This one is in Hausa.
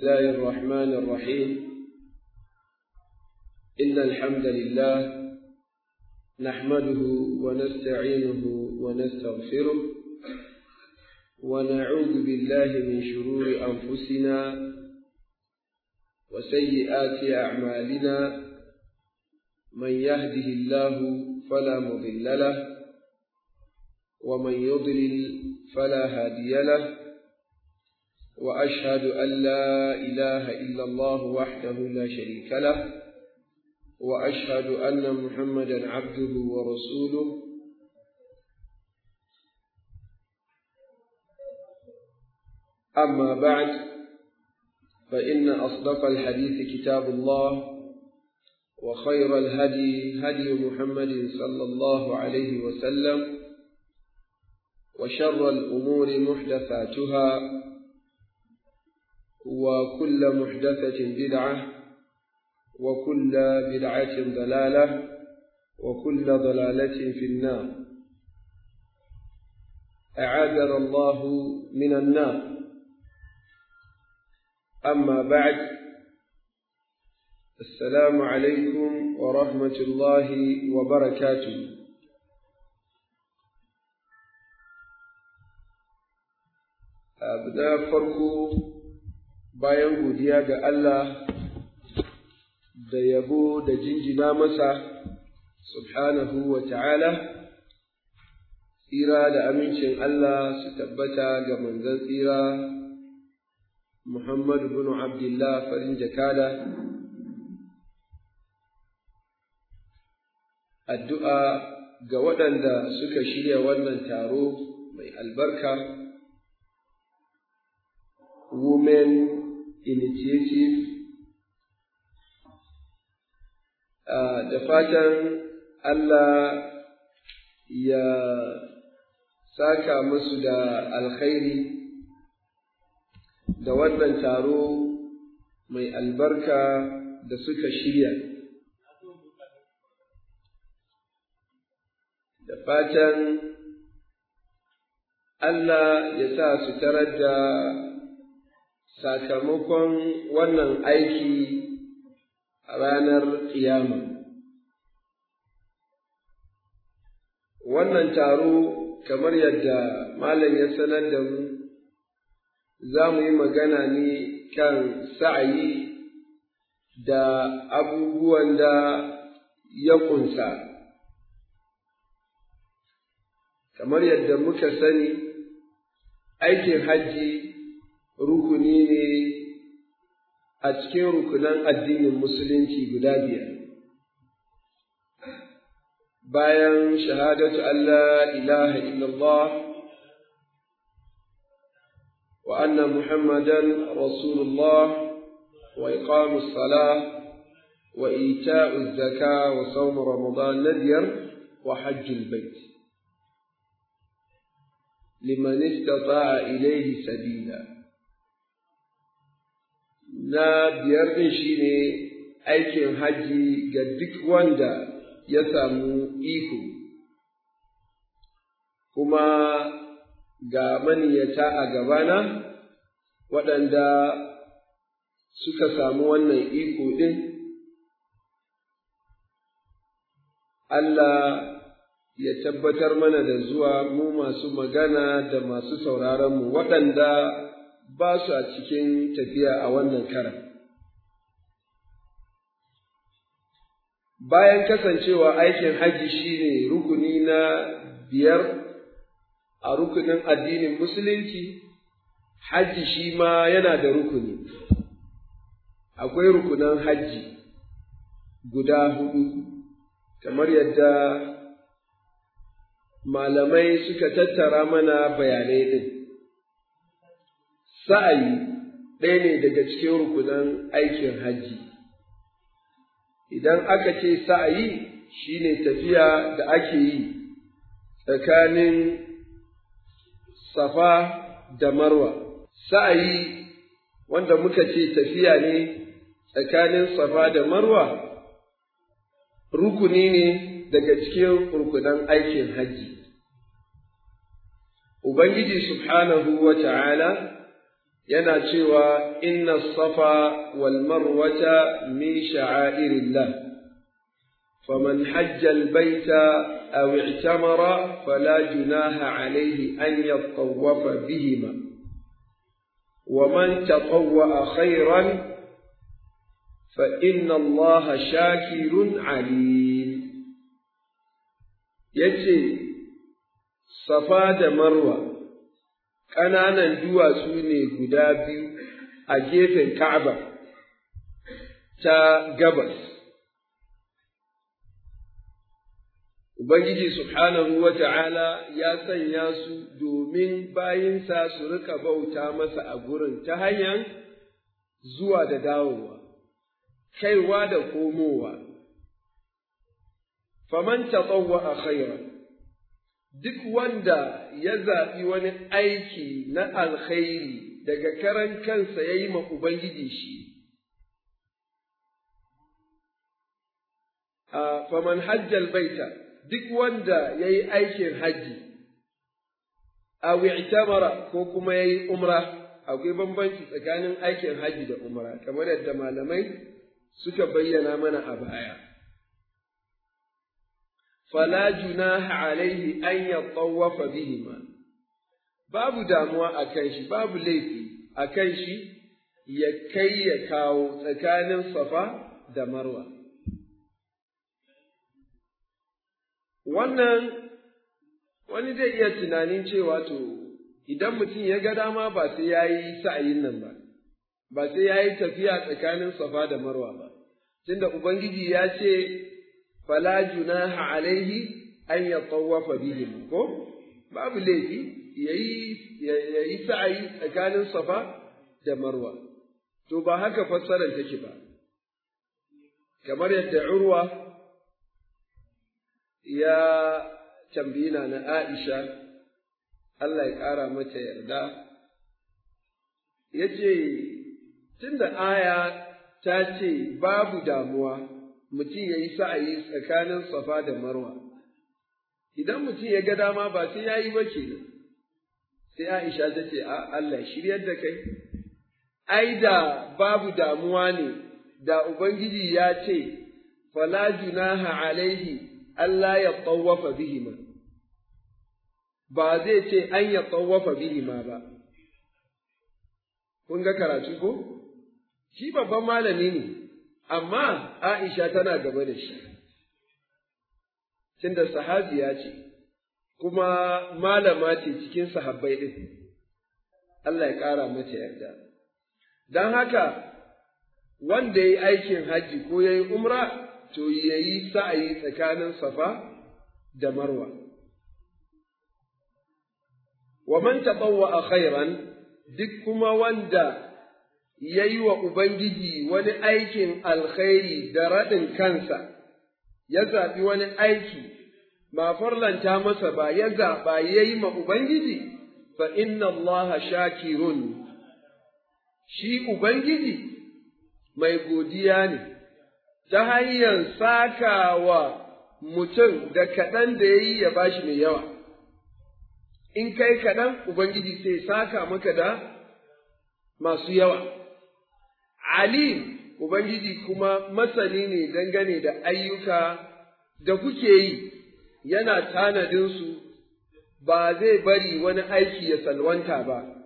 الله الرحمن الرحيم إن الحمد لله نحمده ونستعينه ونستغفره ونعوذ بالله من شرور أنفسنا وسيئات أعمالنا من يهده الله فلا مضل له ومن يضلل فلا هادي له وأشهد أن لا إله إلا الله وحده لا شريك له وأشهد أن محمدا عبده ورسوله أما بعد فإن أصدق الحديث كتاب الله وخير الهدي هدي محمد صلى الله عليه وسلم وشر الأمور محدثاتها وكل محدثة بدعة وكل بدعة ضلالة وكل ضلالة في النار أعاذنا الله من النار أما بعد السلام عليكم ورحمة الله وبركاته أبدأ فرقه bayan godiya ga Allah da yabo da jinjina masa subhanahu wa ta'ala, tsira da amincin Allah su tabbata ga manzan tsira Muhammadu bin Abdullah farin jakada, addu'a ga waɗanda suka shirya wannan taro mai albarka, Women initiative uh, da fatan Allah ya saka musu da alkhairi da wannan taro mai albarka da suka shirya. Da fatan Allah ya sa su tarar da sakamakon wannan aiki a ranar kiyama. Wannan taro kamar yadda Malam ya sanar da mu, za mu yi magana ne kan sa'ayi da abubuwan da ya ƙunsa. Kamar yadda muka sani, aikin hajji rukuni ne a cikin rukunan addinin musulunci guda biyar. Bayan shahadatu Allah ilaha illallah wa anna Muhammadan Rasulullah wa iqamu salah wa ita'u zaka وإيتاء الزكاة وصوم رمضان wa hajjul البيت لمن استطاع إليه سبيلا na biyar ɗin shi ne aikin hajji ga duk wanda ya samu iko, kuma ga maniyata a gabana waɗanda suka samu wannan iko ɗin, Allah ya tabbatar mana da zuwa mu masu magana da masu mu waɗanda ba su a cikin tafiya a wannan karan. Bayan kasancewa aikin haji shine rukuni na biyar a rukunin addinin musulunci, haji shi ma yana da rukuni. Akwai rukunan haji guda hudu, kamar yadda malamai suka tattara mana bayanai ɗin. sa'ayi ɗaya ne daga cikin rukunan aikin hajji. Idan aka ce sa'ayi shi ne tafiya da ake yi tsakanin safa da marwa. Sa'ayi wanda muka ce tafiya ne tsakanin safa da marwa, rukuni ne daga cikin rukunan aikin hajji. Ubangiji Subhanahu wa ta'ala yana cewa inna safa wal marwata min sha'airillah faman hajja albayta aw i'tamara fala junaha alayhi an yattawafa bihima ومن تطوع خيرا فإن الله شاكر عليم يجي صفا مروى ƙananan duwatsu ne guda biyu a gefen Ka'aba ta gabas. Ubangiji Subhanahu wa ta'ala ya sanya su domin bayinsa su rika bauta masa a gurin ta hanyar zuwa da dawowa, kaiwa da komowa. Faman taɓawa a khairan. duk wanda ya zaɓi wani aiki na alkhairi daga karan kansa ya yi ma Ubangiji shi, a faman hajjal baita duk wanda ya yi aikin hajji, a wi'tamara ko kuma ya yi umra, akwai bambanci tsakanin aikin hajji da umra, kamar yadda malamai suka bayyana mana a baya. fala جناح عليه أن يطوف بهما babu damuwa a باب shi babu laifi a تكان shi ya kai wannan wani zai iya tunanin cewa to idan mutum ya ga dama ba sai ya yi sa'ayin nan ba ba sai ya yi tafiya tsakanin safa da marwa ba tunda ubangiji ya ce fala junaha alaihi an ya tawafa bihim ko babu laifi yayi sa'ayi tsakanin safa da marwa to ba haka fassarar take ba kamar yadda urwa ya tambayi na Aisha Allah ya ƙara mata yarda yace tunda aya ta ce babu damuwa mutum ya yi sa'ayi tsakanin safa da marwa, idan mutum ya ga dama ba sai ya yi ba ke sai Aisha ta ce, A Allah shiryar da kai, ai da babu damuwa ne, da Ubangiji ya ce, Falaju junaha alaihi Allah ya tsawafa bihima, ba zai ce an ya tsawafa bihima ba. Kun ga karatu ko? Shi babban malami ne. amma Aisha tana gaba da shi, tunda sahabiya ce, kuma malama ce cikin sahabbai ɗin, Allah ya ƙara mata yarda. Don haka, wanda ya yi aikin hajji ko ya yi umra, to ya yi sa'ayi tsakanin safa da marwa. Wa man taɓawa a khairan duk kuma wanda ya yi wa Ubangiji wani aikin alkhairi da raɗin kansa, ya zaɓi wani aiki, ma farlanta masa ba ya zaɓa ya yi ma Ubangiji, fa inna Allah shakirun. Shi Ubangiji mai godiya ne, ta hanyar sakawa mutum da kaɗan da ya yi ya bashi mai yawa. In kai kaɗan, Ubangiji sai saka maka da masu yawa. alim Ubangiji kuma masani ne dangane da ayyuka da kuke yi, yana tanadinsu ba zai bari wani aiki ya salwanta ba.